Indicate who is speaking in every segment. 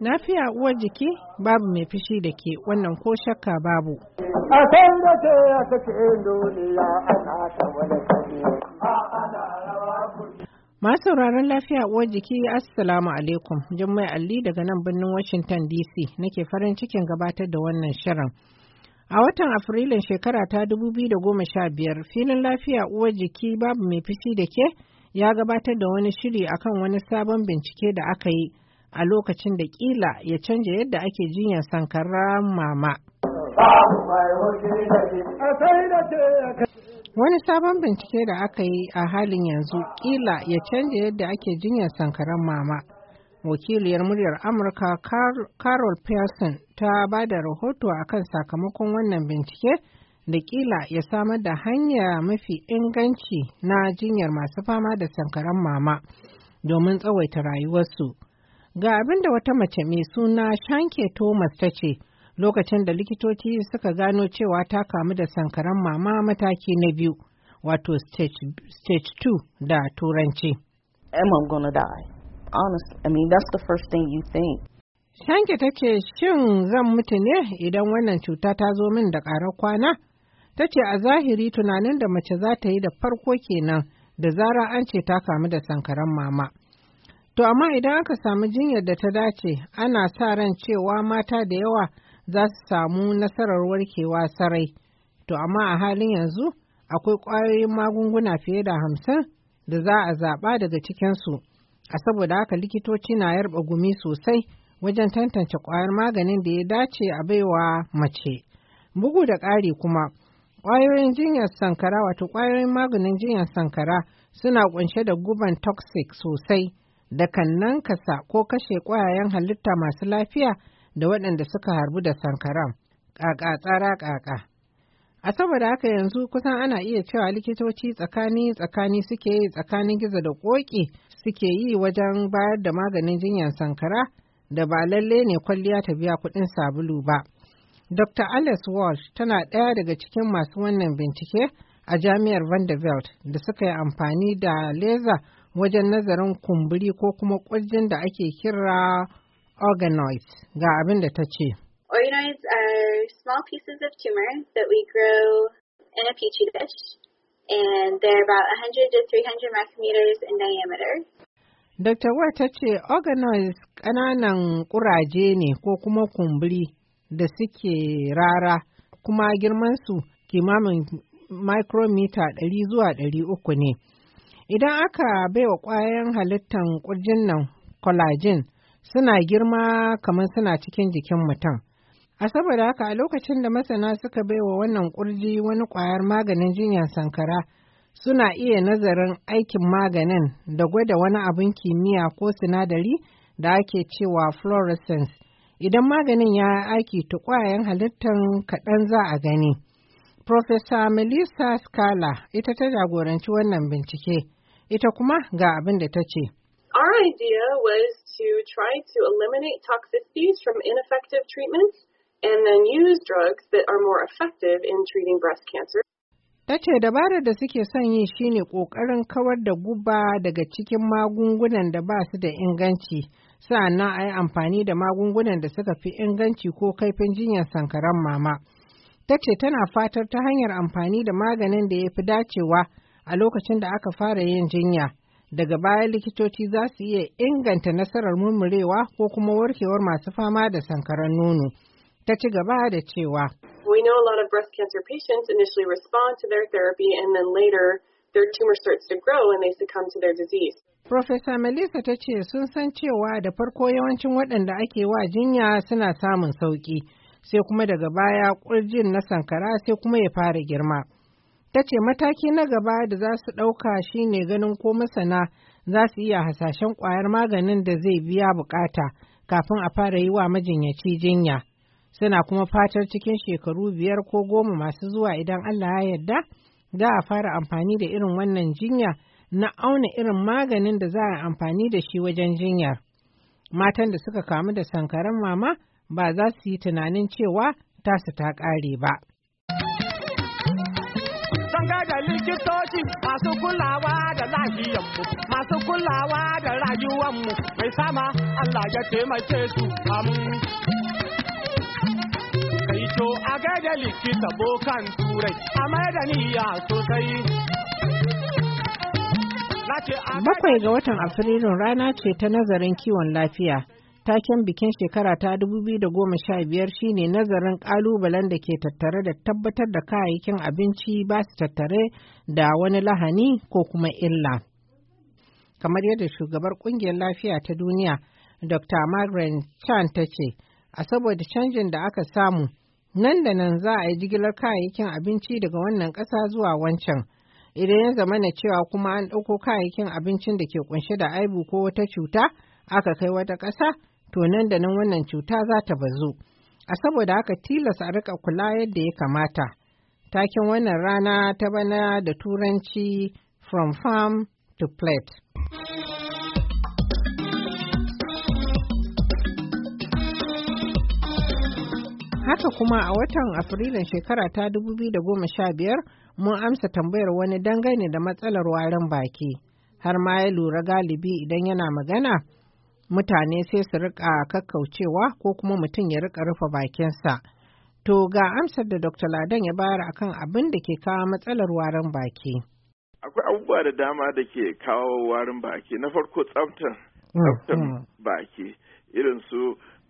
Speaker 1: Lafiya uwar jiki babu mai fishi da ke wannan ko shakka babu. A
Speaker 2: da ya duniya ana ta wani
Speaker 1: Masu sauraron lafiya uwar jiki Assalamu alaikum. Jummai Ali daga nan birnin Washington DC nake farin cikin gabatar da wannan shirin. A watan Afrilun shekara ta 2015, filin lafiya uwar jiki babu mai fishi da ke ya gabatar da wani shiri akan wani sabon bincike da aka yi a lokacin da kila ya canja yadda ake jinyar sankara mama. Wani sabon bincike da aka yi a halin yanzu kila ya canja yadda ake jinyar sankarar mama. wakiliyar muryar amurka carol pearson ta ba da rahoto akan sakamakon wannan bincike da kila ya samar da hanya mafi inganci na jinyar masu fama da sankaran mama domin tsawaita rayuwarsu ga abin da wata mace mai suna shanke thomas ta ce lokacin da likitoci suka gano cewa ta kamu da sankaran mama mataki na biyu wato stage 2 da turanci. honest, I mean, that's the first thing you think. Shanke take shin zan mutu ne idan wannan cuta ta zo min da ƙarar kwana? Ta ce a zahiri tunanin da mace za ta yi da farko kenan da zara an ce ta kamu da sankaran mama. To amma idan aka samu jinyar da ta dace ana sa ran cewa mata da yawa za su samu nasarar warkewa sarai. To amma a halin yanzu akwai ƙwayoyin magunguna fiye da hamsin da za a zaɓa daga cikinsu a saboda haka likitoci na yarba gumi sosai wajen tantance kwayar maganin da ya dace a baiwa mace bugu da ƙari kuma ƙwayoyin jinyar sankara wato ƙwayoyin maganin jinyar sankara suna kunshe da guban toxic sosai da kan nan kasa ko kashe ƙwayayen halitta masu lafiya da waɗanda suka harbu da sankaran ƙaƙa tsara ƙaƙa A saboda haka yanzu kusan ana iya cewa likitoci tsakani tsakani suke yi tsakanin gizo da koki suke yi wajen bayar da maganin jinyar sankara da ba lalle ne kwalliya ta biya kuɗin sabulu ba. Dr. Alice Walsh tana ɗaya daga cikin masu wannan bincike a Jami'ar Vanderbilt da suka yi amfani da leza wajen nazarin kumburi ko kuma ƙurjin da ake kira organoids ga abin da ta ce. Organoids are small pieces of tumor that we grow in a petri dish, and they're about 100 to 300 micrometers in diameter. Dr. Wata ce organoids ƙananan ƙuraje ne ko kuma kumburi da suke rara kuma girmansu kimanin micrometer 100 zuwa 300 ne. Idan aka baiwa ƙwayan halittan ƙurjin nan collagen suna girma kamar suna cikin jikin mutum. A saboda haka a lokacin da masana suka bai wa wannan kurji wani ƙwayar maganin jinyar sankara suna iya nazarin aikin maganin da gwada wani abin kimiyya ko sinadari da ake cewa fluorescence. Idan maganin ya aiki ta ƙwayayen halittar kaɗan za a gani. Profesa Melissa Scala ita ta jagoranci wannan bincike, ita kuma ga abin da ta ce. Our idea was to try to eliminate toxicities from ineffective treatments and then use drugs that are more effective in treating breast cancer. Ta ce dabarar da suke son yi shine ƙoƙarin kawar da guba daga cikin magungunan da ba su da inganci, sa'annan a yi amfani da magungunan da suka fi inganci ko kaifin jinyar sankaran mama. Ta ce tana fatar ta hanyar amfani da maganin da ya fi dacewa a lokacin da aka fara yin jinya. daga baya likitoci za su iya inganta nasarar murmurewa ko kuma warkewar masu fama da sankaran nono. ta ci gaba da cewa We know a lot of breast cancer patients initially respond to their therapy and then later their tumor starts to grow and they succumb to their disease. Profesa Melissa ta ce sun san cewa da farko yawancin waɗanda ake wa jinya suna samun sauƙi, sai kuma daga baya ƙurjin na sankara sai kuma ya fara girma. Ta ce mataki na gaba da za su ɗauka shi ne ganin ko masana za su iya hasashen ƙwayar maganin da zai biya buƙata kafin a fara yi wa majinyaci jinya. Suna kuma fatar cikin shekaru biyar ko goma masu zuwa idan Allah ya yarda za a fara amfani da irin wannan jinya na auna irin maganin da za a amfani da shi wajen jinyar. Matan da suka kamu da sankaran mama ba za su yi tunanin cewa tasu ta ƙare ba.
Speaker 2: da likitoci masu kulawa da lahiyanmu masu kulawa da rayuwanmu mai sama Allah ya taimake su amin. Makwai
Speaker 1: bakwai ga watan afrilun rana ce ta nazarin kiwon lafiya taken bikin shekara ta 2015 shine nazarin kalubalen da ke tattare da tabbatar da kayayyakin abinci ba su tattare da wani lahani ko kuma illa kamar yadda shugabar kungiyar lafiya ta duniya dr margaret chan ta ce a saboda canjin da aka samu nan da nan za a yi jigilar kayayyakin abinci daga wannan ƙasa zuwa wancan idan ya zama na cewa kuma an ɗauko kayayyakin abincin da ke kunshe da aibu ko wata cuta aka kai wata ƙasa to nan da nan wannan cuta za ta bazu a saboda haka tilas a rika kula yadda ya kamata taken wannan rana ta bana da turanci from farm to plate. Haka kuma a watan Afrilun shekara ta 2015 mun amsa tambayar wani dangane da matsalar warin baki, har ma ya lura galibi idan yana magana, mutane sai su rika kakkaucewa ko kuma mutum ya rika rufe bakinsa. To ga amsar da Dr. Ladan ya bayar akan abin da ke kawo matsalar warin baki.
Speaker 3: Akwai abubuwa da dama da ke kawo warin baki. Na farko tsaftar
Speaker 2: mm, mm.
Speaker 3: baki irin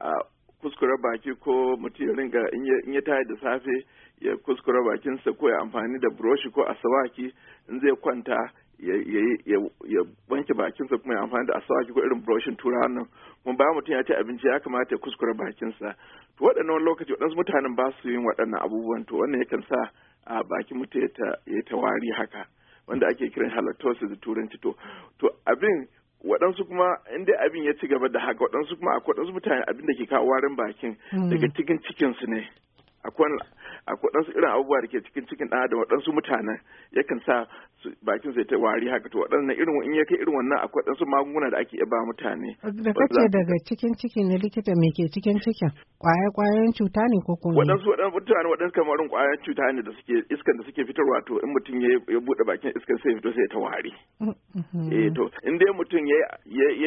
Speaker 3: ah, kuskure baki ko mutum ya ringa in ya tayi da safe ya kuskure bakinsa ko ya amfani da buroshi ko asawaki in zai kwanta ya wanke bakinsa kuma ya amfani da asawaki ko irin buroshin turawa nan kuma ba mutum ya ci abinci ya kamata ya kuskure bakinsa to waɗannan wani lokaci waɗansu mutanen ba su yin waɗannan abubuwan to wannan yakan sa a bakin mutum ya ta wari haka wanda ake kiran halatosis da turanci to to abin waɗansu kuma inda abin ya ci gaba da haka waɗansu kuma akwai waɗansu mutane abin da ke kawo warin bakin hmm. daga cikin cikinsu ne akwai akwai ɗansu irin abubuwa da ke cikin cikin ɗan adam waɗansu mutanen yakan sa bakin sai ta wari haka to waɗannan irin in ya kai irin wannan akwai ɗansu magunguna da ake iya ba mutane.
Speaker 1: Da kace daga cikin ciki ne likita me ke cikin cikin kwaya ƙwayoyin cuta ne ko kuma. Waɗansu
Speaker 3: waɗansu mutane waɗansu kamarin ƙwayoyin cuta ne da suke iskan da suke fitarwa to in mutum ya buɗe bakin iskan sai fito sai ta wari.
Speaker 2: Mm-hmm. Eh to
Speaker 3: in dai mutum ya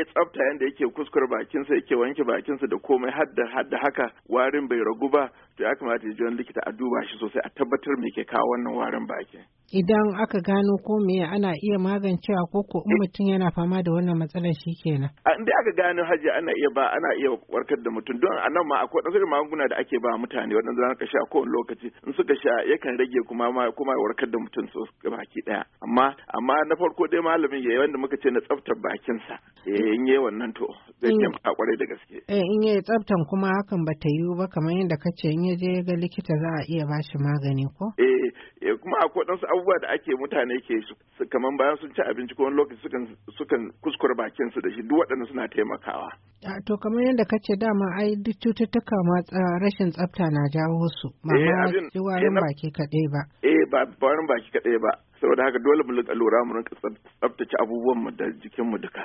Speaker 3: tsafta yanda yake kuskure bakinsa yake wanke bakinsa da komai har da haka warin bai ragu ba to ya kamata ya wani likita a duba shi sosai a tabbatar me ke kawo wannan warin baki.
Speaker 1: Idan aka gano ko me ana iya magancewa ko ko in eh. mutum yana fama da wannan matsalar shi kenan.
Speaker 3: In aka gano haji ana iya ba ana iya warkar da mutum don a nan ma akwai ɗansar magunguna da ake ba mutane waɗanda za ka sha wani lokaci in suka sha yakan rage kuma ma kuma warkar da mutum so baki ɗaya amma amma na farko dai malamin ya yi wanda muka ce na tsaftar bakinsa eh, in yi wannan to zai taimaka kwarai da gaske.
Speaker 1: Eh, in yi tsaftan kuma hakan ba ta yiwu ba kamar yadda ka ce in in ya je ga likita za a iya shi magani ko?
Speaker 3: Eh, eh kuma akwai ɗansu abubuwa da ake mutane ke su kamar bayan sun ci abinci ko wani lokaci sukan sukan kuskure bakin su da shi duk waɗannan suna taimakawa.
Speaker 1: A to kamar yadda ka ce dama ai duk cututtuka ma rashin tsafta na jawo su. Ba ma eh, warin eh, baki kaɗai ba.
Speaker 3: Eh ba warin baki kaɗai ba. Saboda haka dole mu lura mu rinka tsaftace abubuwan mu da jikin mu duka.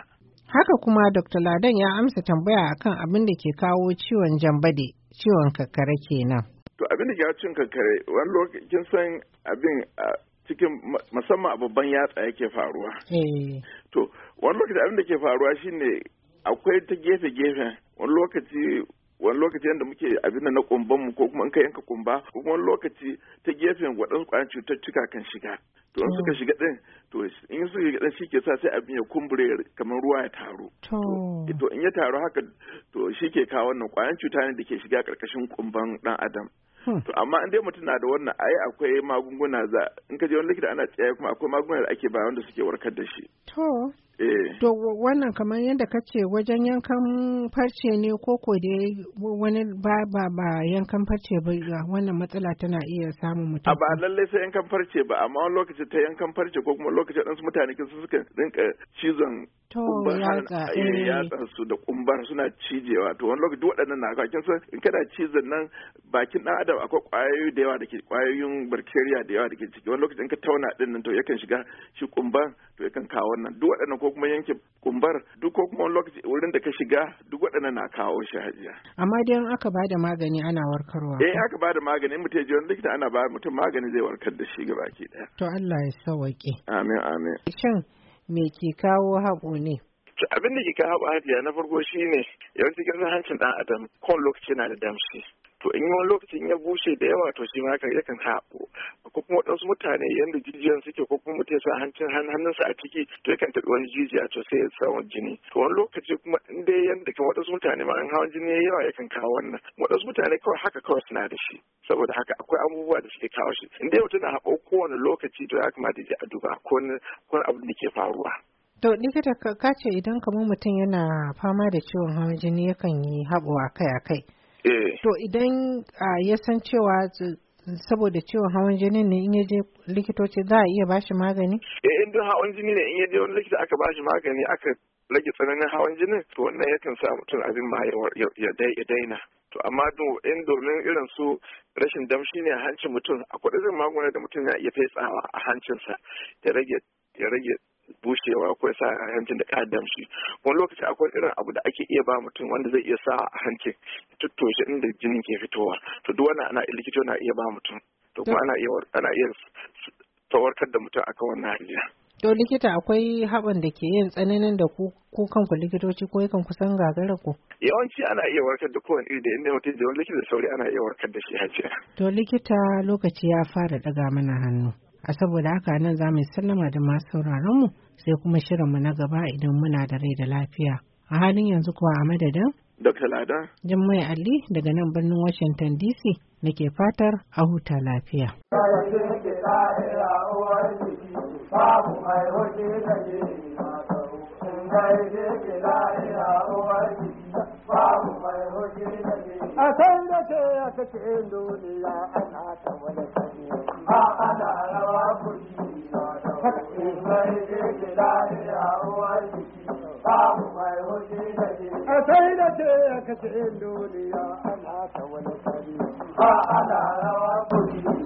Speaker 1: Haka kuma Dr. Ladan ya amsa tambaya akan abin da ke kawo ciwon jambade, ciwon kakkare kenan.
Speaker 3: To abin da ke ciwon kakkare wani lokacin san abin cikin musamman a babban yatsa yake faruwa. Eh. To wani lokaci abin da ke faruwa shine akwai ta gefe gefe wani lokaci wani lokaci yadda muke abin da na kumban mu ko kuma in ka yanka kumba ko kuma wani lokaci ta gefen waɗansu ƙwayan cututtuka kan shiga to in suka shiga din to in suka shiga din shike sa sai abin ya kumbure kamar ruwa ya taru to in ya taru haka to shike kawo wannan kwayan cuta ne da ke shiga karkashin kumban dan adam hmm. to amma in dai mutum na da wannan ai akwai magunguna za in ka je wani likita ana tsaye kuma akwai magunguna da ake bayan wanda suke warkar da shi to Eh.
Speaker 1: To wannan kamar yadda ka ce wajen yankan farce ne ko ko dai wani ba ba ba yankan farce ba wannan matsala tana iya samun mutum. A
Speaker 3: ba lallai sai yankan farce ba amma wani lokaci ta yankan farce ko kuma lokacin ɗansu mutane kin suka rinka cizon
Speaker 2: kumbar yatsan
Speaker 3: eh. su da kumbar suna cijewa to wani lokaci waɗannan na kakin san in kana cizon nan bakin ɗan adam akwai ƙwayoyi da yawa da ke ƙwayoyin bacteria da yawa da ke ciki wani lokaci in ka tauna ɗin nan to yakan shiga shi kumbar to yakan kawo wannan duk waɗannan ko kuma yanke kumbar duk ko kuma wani lokaci wurin da ka shiga duk waɗannan na kawo shi hajiya.
Speaker 1: Amma dai in aka bada magani ana warkarwa. Eh
Speaker 3: aka bada magani in mutum ya je wani likita ana ba mutum magani zai warkar da shi gaba ki ɗaya.
Speaker 1: To Allah ya sauwaƙe. Amin amin. Shin me ke kawo haɓo ne?
Speaker 3: abin da ke kawo haɓo hajiya na farko shi shine yawanci ƙasar hancin ɗan adam kowane lokaci na da damshi to in wani lokacin ya bushe da yawa to shi ma yakan haɓo ko kuma waɗansu mutane yadda jijiyan suke ko kuma mutum sa hancin hannunsa a ciki to yakan taɓi wani jijiya to sai ya samu jini to wani lokaci kuma in dai wanda daga waɗansu mutane ma in hawan jini ya yawa kan kawo wannan waɗansu mutane kawai haka kawai suna da shi saboda haka akwai abubuwa da suke kawo shi in dai mutum na haɓo kowane lokaci to ya kamata ya a duba ko wani abu da ke faruwa.
Speaker 1: To likita ka ce idan kamar mutum yana fama da ciwon hawan jini yakan yi haɓo akai-akai. Eh. To idan ya san cewa saboda ciwon eh, hawan jini ne in yaje likitoci za a iya bashi magani?
Speaker 3: Eh in hawan jini ne in yaje wani likita aka bashi magani aka rage tsananin hawan jinin to wannan yakan sa mutum abin ma ya daina to amma in domin irin su rashin damshi ne a hancin mutum akwai irin magunguna da mutum ya iya fetsawa a hancinsa ya rage ya rage bushewa ko ya sa a hancin da ka damshi wani lokaci akwai irin abu da ake iya ba mutum wanda zai iya sa a hancin tuttoshe inda jinin ke fitowa to duk wannan ana likito na iya ba mutum to kuma ana iya ana iya tawarkar da mutum akan wannan hanya
Speaker 1: To likita akwai haɓan da ke yin tsananin da ku kanku likitoci ko yakan kusan gagara ku?
Speaker 3: Yawanci ana iya warkar da kowane iri da inda mutum da wani likita sauri ana iya warkar da shi
Speaker 1: hajji. To likita lokaci ya fara ɗaga mana hannu. A saboda haka nan za mu sallama da masu mu sai kuma shirin mu na gaba idan muna da rai da lafiya. A halin yanzu kuwa a madadin? Dr. Lada. Jummai Ali daga nan birnin Washington DC nake fatar a huta lafiya.
Speaker 2: babu mai da ke da ke a san da ke ya kace duniya ana ta wani kare ba ana rawa kuri in dai ke ke lahira uwar babu mai hoji da ke a san da ke ya kace duniya ana ta wani kare ba ana rawa kuri